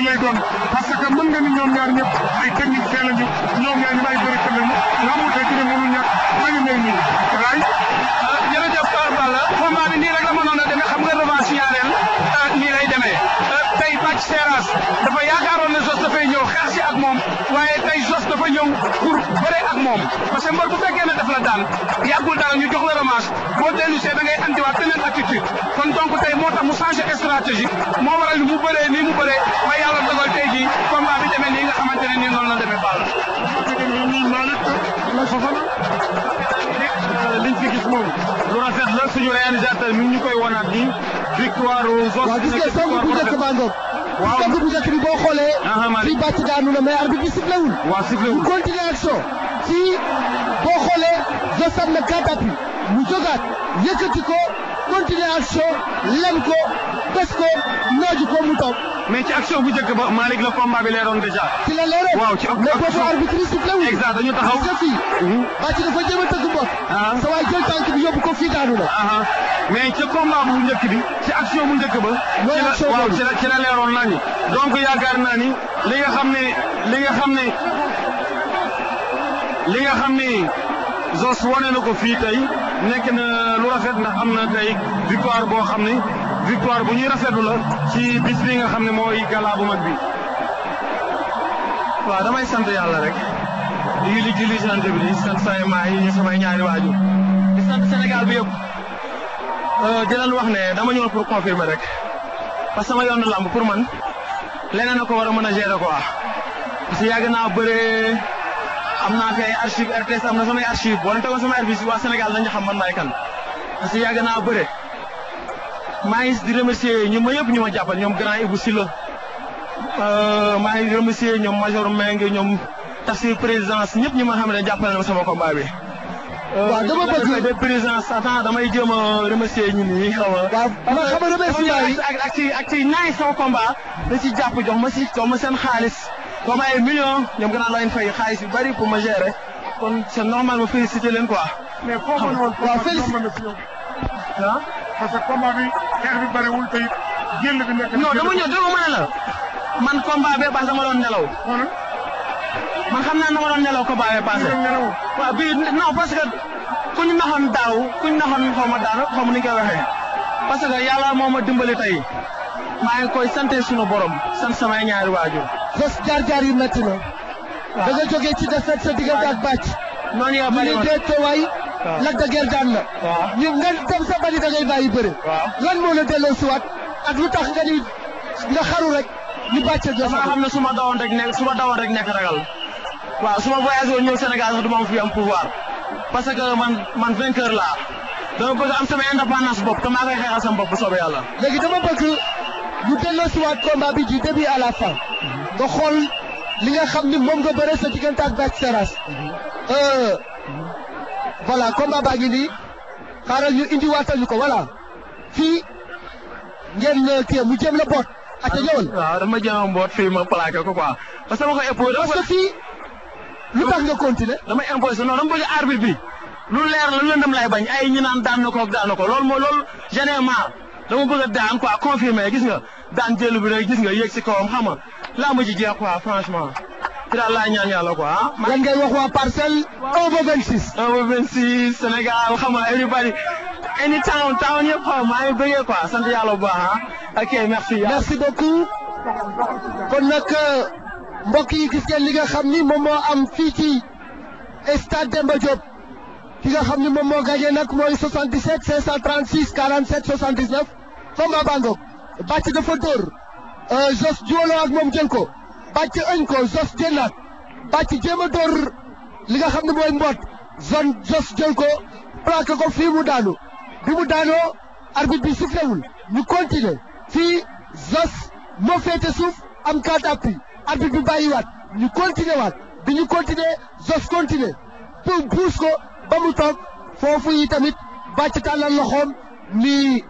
yooyu lay doon parce que mën nga ñoom ñaar ñëpp ay technique fee ñoom ñaar ñu ay bëri kër lañu nga amul tey ci dem mënul ñàkk waaye tey Zoss dafa ñëw pour bëre ak moom parce que mbër bu fekkee ne daf la daan yàggul daal ñu jox la revanche boo dellu see da ngay andiwaat attitude kon donc tey moo tax mu changé stratégie moo waral mu bëree nii mu bëree waaye yàlla dogal tey jii combat bi demee nii nga xamante ne nii la demee Balla. liñ fi gis moom lu rafet la suñu réalisateur mi ñu koy wonaat nii victoire Zoss. waaw gis nga song bu njëkk baa ngoog waaw bu njëkk bi boo xoolee. Ah, ah, fii bàcc daanu na mais arbitre bi sifflewul. waaw sifflewul mu continuer action. fii boo xoolee Zossam na katapi mu jógaat yëkkati ko continuer action lem ko bés ko nooju ko mu toog. mais ci action bu njëkk ba Malick la combat bi leeroon déjà. ci la leeroon waaw ci action mais foofu arbitre bi sifflewul. exact dañu taxaw parce que fii. Mhm. a ah. bu njëkk bi. ci action bu njëkk ba. mooy action waaw ci la ci la leeroon nañu. donc yaakaar naa ni li nga xam ne li nga xam ne li nga xam ne Zoss wane na ko fii tey nekk na lu rafet ndax am na tey victoire boo xam ne victoire bu ñuy rafetlu la ci bis li nga xam ne mooy gala bu mag bi. waaw damay sant yàlla rek di julli julli sant bi di sant samay maa yi samay ñaari waajur Sénégal bi yëpp. Euh, di leen wax ne dama ñëwoon pour confirmer rek parce que sama yoonu làmb pour man leneen a ko war a mën a gérer quoi parce que yàgg naa bëre am naa fi ay archive RTS am na samay archive boo leen tegoon sama archive waa Sénégal dañu xam man maay kan parce que yàgg naa bëre maa ngi di remercier ñu ma yëpp ñu jàppal ñoom grand Ibou Sylla euh, maa ngi remercier ñoom major Meng ñoom Tafsir présidence ñëpp ñu ma xam ne jàppale na ma sama combat bi. Euh, waaw dama bëgg de président Satan damay jéem a remercier ñun a. waaw man xam nga remerciement yi ak ak ci ak ci naaj sama combat da ci jàpp jox ma si jox ma seen xaalis jox ma ay ñoom gannaaw la ñu xaalis yu bari pour ma gérer kon c'est normal ma féliciter leen quoi. mais foofu la woon waaw félicité ah. parce que combat bi xeex bi bariwul te it génn la man combat bee baax dama doon nelaw. makam xam naa ne ma doon nelaw ko baalee passé. waaw bi non parce que ku ñu naxoon daaw ku ñu naxoon xaw ma daaw xaw ma ni ñu koy waxee. parce que yàlla moo ma dimbali tey maa ngi koy sant sunu borom sant samay ñaari waajur. bés jaar-jaar yu métti la. waaw da nga jógee ci defet sa diggante ak bàcc. noonu yaa bëri woon ñu ngi dee waay. waaw Lac de Guiers daan la. waaw ñu nga dem sa bari da ngay bàyyi bëri. waaw lan moo la delloosiwaat ak lu tax nga ni nga xaru rek ñu bàcce. dafa xam ne su ma dawoon rek nekk su ma rek nekk ragal. waaw suma voyage woon ñëw Sénégal sax du ma am pas am pouvoir parce que man man vainqueur laa dama bëgg am sama indépendance bopp te maa koy xeexal sama bopp bu soobee yàlla. léegi dama bëgg ñu delloosiwaat combat bi du début à la fin nga xool li nga xam ni Je nga bëre sa diggante ak Bac Seras voilà combat baa ngi nii xaaral ñu indiwaatal ñu ko voilà Si, ngeen kii mu jëm la boot. ak a ñëwal waaw dama jëm a boot fii ma plaqué ko quoi parce que ma ko épaulé. parce que fii. lu tax nga continuer damay imposer non dama bëgg arbitre bi lu leer la lu lëndëm lay bañ ay ñu naan daan na ko ak daan na ko loolu moo loolu généralement dama bëgg a daan quoi confirmer gis nga daan jëlu bi rek gis nga yéeg si kawam xam nga laa ma ci jeex quoi franchement. ci daal laa ñaan yàlla quoi ah. lan ngay wax waa parcelle. 1 ba 26. 1 Sénégal xam everybody any town town yëpp xam maa ngi bëggee quoi sant yàlla bu baax ah. ok merci. merci kon nag. Euh, mbokk yi gis ngeen li nga xam ni moom moo am fii ci stade Demba Diop ki nga xam ni moom moo gagné nag mooy 77 536 47 79 Famba Bango bàcc dafa dóor Jos euh, juwaloo ak moom jël ko bàcc añ ko Jos jëlaat bàcc jéem a dóor li nga xam ne mooy mboot zone Jos jël ko plaqué ko fii mu daanu bi mu daanoo arbitre bi sifflewul ñu continuer fii Jos moo féete suuf am cas d'appui arbitre bi waat ñu continuer waat bi ñu continuer jos continuer pour buus ko ba mu toog foofu yi tamit bàcc a loxoom ni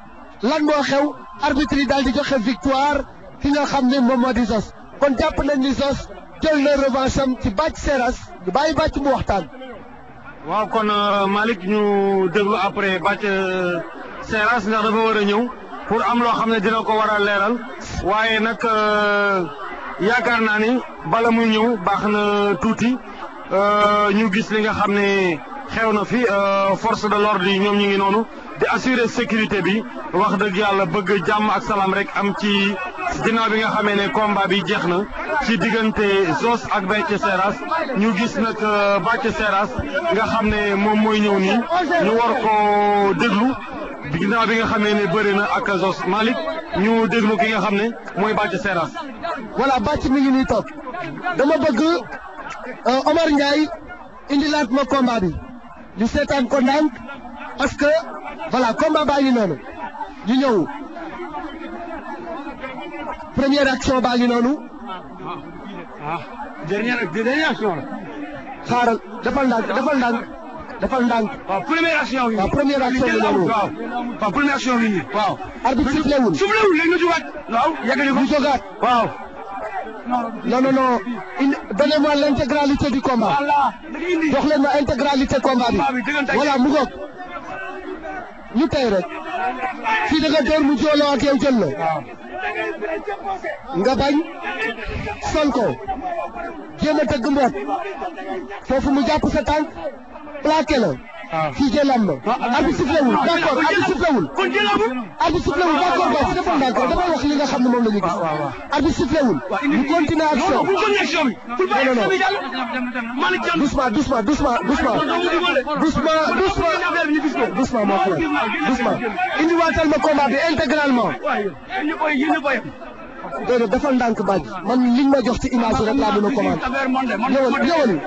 lan moo xew arbitre yi daal di joxe victoire ki nga xam ne moom moo di jos kon jàpp nañ ni jos jël na revanche am ci bàcc seras ñu bàyyi bàcc mu waxtaan. waaw kon euh, Malick ñu déglu après bàcc euh, seras ndax dafa war a ñëw pour am loo xam ne dina ko war a leeral waaye nag. Euh, yaakaar naa ni bala mu ñëw baax na tuuti euh, ñu gis li nga xam ne xew na fi euh, force de l'ordre yi ñoom ñu ngi noonu di assurer sécurité bi wax dëgg yàlla bëgg jàmm ak salaam rek am ci ginnaaw bi nga xamee ne combat bi jeex na ci diggante Zoss ak Bathie Seras ñu gis nag euh, Bathie Seras nga xam ne moom mooy ñëw nii ñu war ko déglu ginnaaw bi nga xam ne bëri na ak Zoss Malick ñu déglu ki nga xam ne mooy Bathie Seras voilà bàcc mi ngi nii toog dama bëgg euh, Omar Ndiaye indilaat ma combat bi ñu seetaan ko ndànk parce que voilà combat baa ngi noonu ñu ñëw première action baa ngi noonu. ah dernière dernière action la. xaaral defal ndànk defal ndànk defal ndànk. waaw première action bi. waaw première action bi noonu. waaw première action bi. waaw. arbitre sifflé wul sifflé wul léegi ñu jógaat. waaw yeggali ko non non non il donnez-moi l'intégralité du combat jox ma intégralité combat bi voilà mu ñu tey rek fii da nga door mu jooloo u jël nga bañ sol ko tëgg mboot foofu mu jàpp sa tànk kii jël am na. arbitre sifflé wul d'accord arbitre sifflé wul. kon jël amul. arbitre sifflé wul d'accord gars dafa d'accord dafa wax li nga xam ne moom la ñu gis. waaw waaw arbitre sifflé wul. ñu continuer action. non non non doucement doucement doucement doucement doucement doucement moo ko doucement indi waatal ma combat bi intégralement. déedéet dafa ndànk bàjj man liñ ma jox ci image rek laa mën a commandé ñëwal ñëwal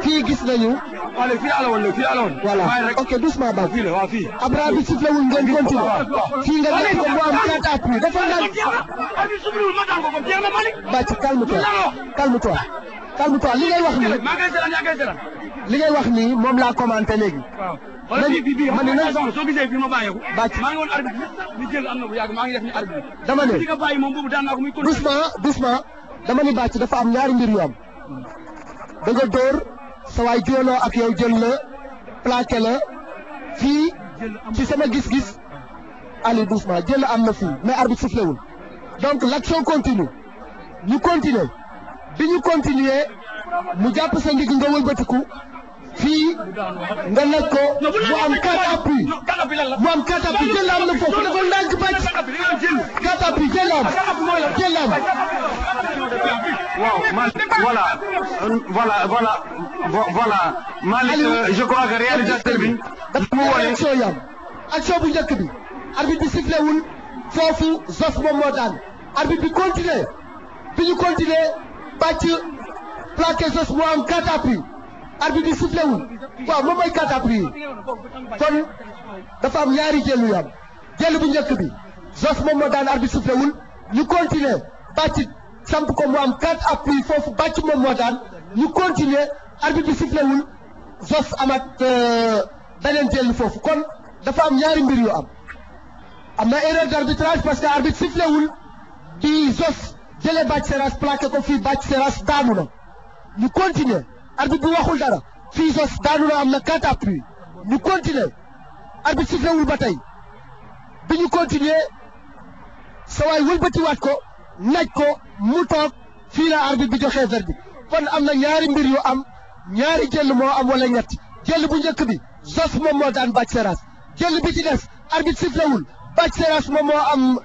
fii gis nañu. waaw léegi fii àll woon léegi fii àll woon. voilà ok doucement ba fii la waaw fii. Abra bi sifflé wul ngeen continué. fii nga nekk ko bu am ñaata appui dafa ndànk. bàcc calme toi calme toi calme toi li ngay wax ni li ngay wax nii moom laa commenté léegi. man man de nag soo gisee bi ma bàyyeeku. bàcc maa ngi woon arbitre bi jël am na bu yàgg maa ngi def ni arbitre. dama ne doucement dafa am ñaari mbir yu am. da dóor. sa waay jooloo ak yow jël la plaqué la fii ci sama gis-gis Aliou doucement jël am na fii mais arbitre soufflé wul donc l'action continue ñu continuer bi ñu continuer mu jàpp sa ndig nga wëlbatiku fii nga laaj ko mu am carte appui mu am carte appui jël foofu dafa ndànk bàcc carte appui waaw man voilà voilà voilà voilà Malick euh, bi mu wone action yam action bu njëkk bi arbitre bi sifflé wul foofu Zoss moom moo daan arbitre bi continué bi ñu continué bàcc plaqué Zoss mu am arbitre bi sifflé wul waaw moom mooy quatre appuis yi kon dafa am ñaari jël yu am jël bu njëkk bi Zoss moom moo daan arbitre sifflé wul ñu continuer bàcc samp ko mu am quatre appuis foofu bàcc moom moo daan ñu continuer arbitre bi sifflé wul Zoss amat euh, beneen jël foofu kon dafa am ñaari mbir yu am am na erreur d'arbitrage parce que arbitre sifflé wul bi Zoss jëlee bàcc seras plaqué ko fii bàcc seras daanu na ñu continuer arbitre bi waxul dara fii sos daanu na am na quatre appuis ñu continuer arbitre sifflé wul ba tey bi ñu continuer sa waay wëlbatiwaat ko naaj ko mu toog fii la arbitre bi joxee verdict kon am na ñaari mbir yu am ñaari jëll moo am wala ñett jëll bu njëkk bi sos moom moo daan bàcc seras jëll bi ci des arbitre sifflé wul bàcc seras moom moo am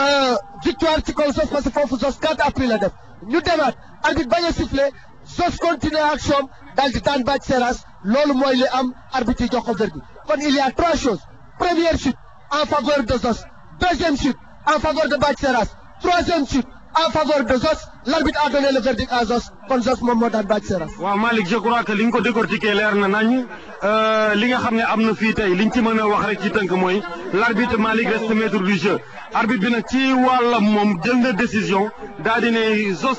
euh, victoire ci kaw sos foofu sos quatre appuis la def ñu demaat arbitre bañ a sifflé Zoss continuer action, dans le temps de battre Seras li am arbitre jox ko verdict il y a trois choses première chute en faveur de Zos. deuxième chute en faveur de battre troisième chute en faveur de Zos. l'arbitre a donné le verdict à Zos, kon Zos m'a dans daan battre Seras. Malik, je crois que li nga ko décortiquer a na ni. Euh, li nga xam ne am na liñ a wax rek l'arbitre Malik reste maître du jeu arbitre bi ci décision daal di ne Zoss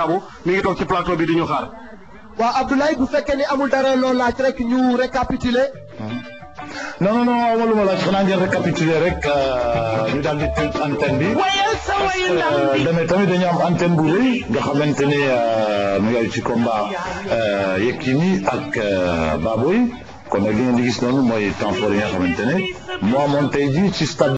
Dabo mi ngi toog ci plateau bi di ñu xaar. waaw Abdoulaye bu fekkee ni amul dara loo laaj rek ñu récapituler. Hmm. no non non waaw lu ma laaj xanaa ngeen récapituler rek euh, daal di antenne bi parce que euh, demee am antenne bu rëy nga xamante ni euh, mu ngi ci combat Yekini ak Baboy kon nag li ngeen noonu mooy temps fort nga xamante ne moo amoon tey ci stade.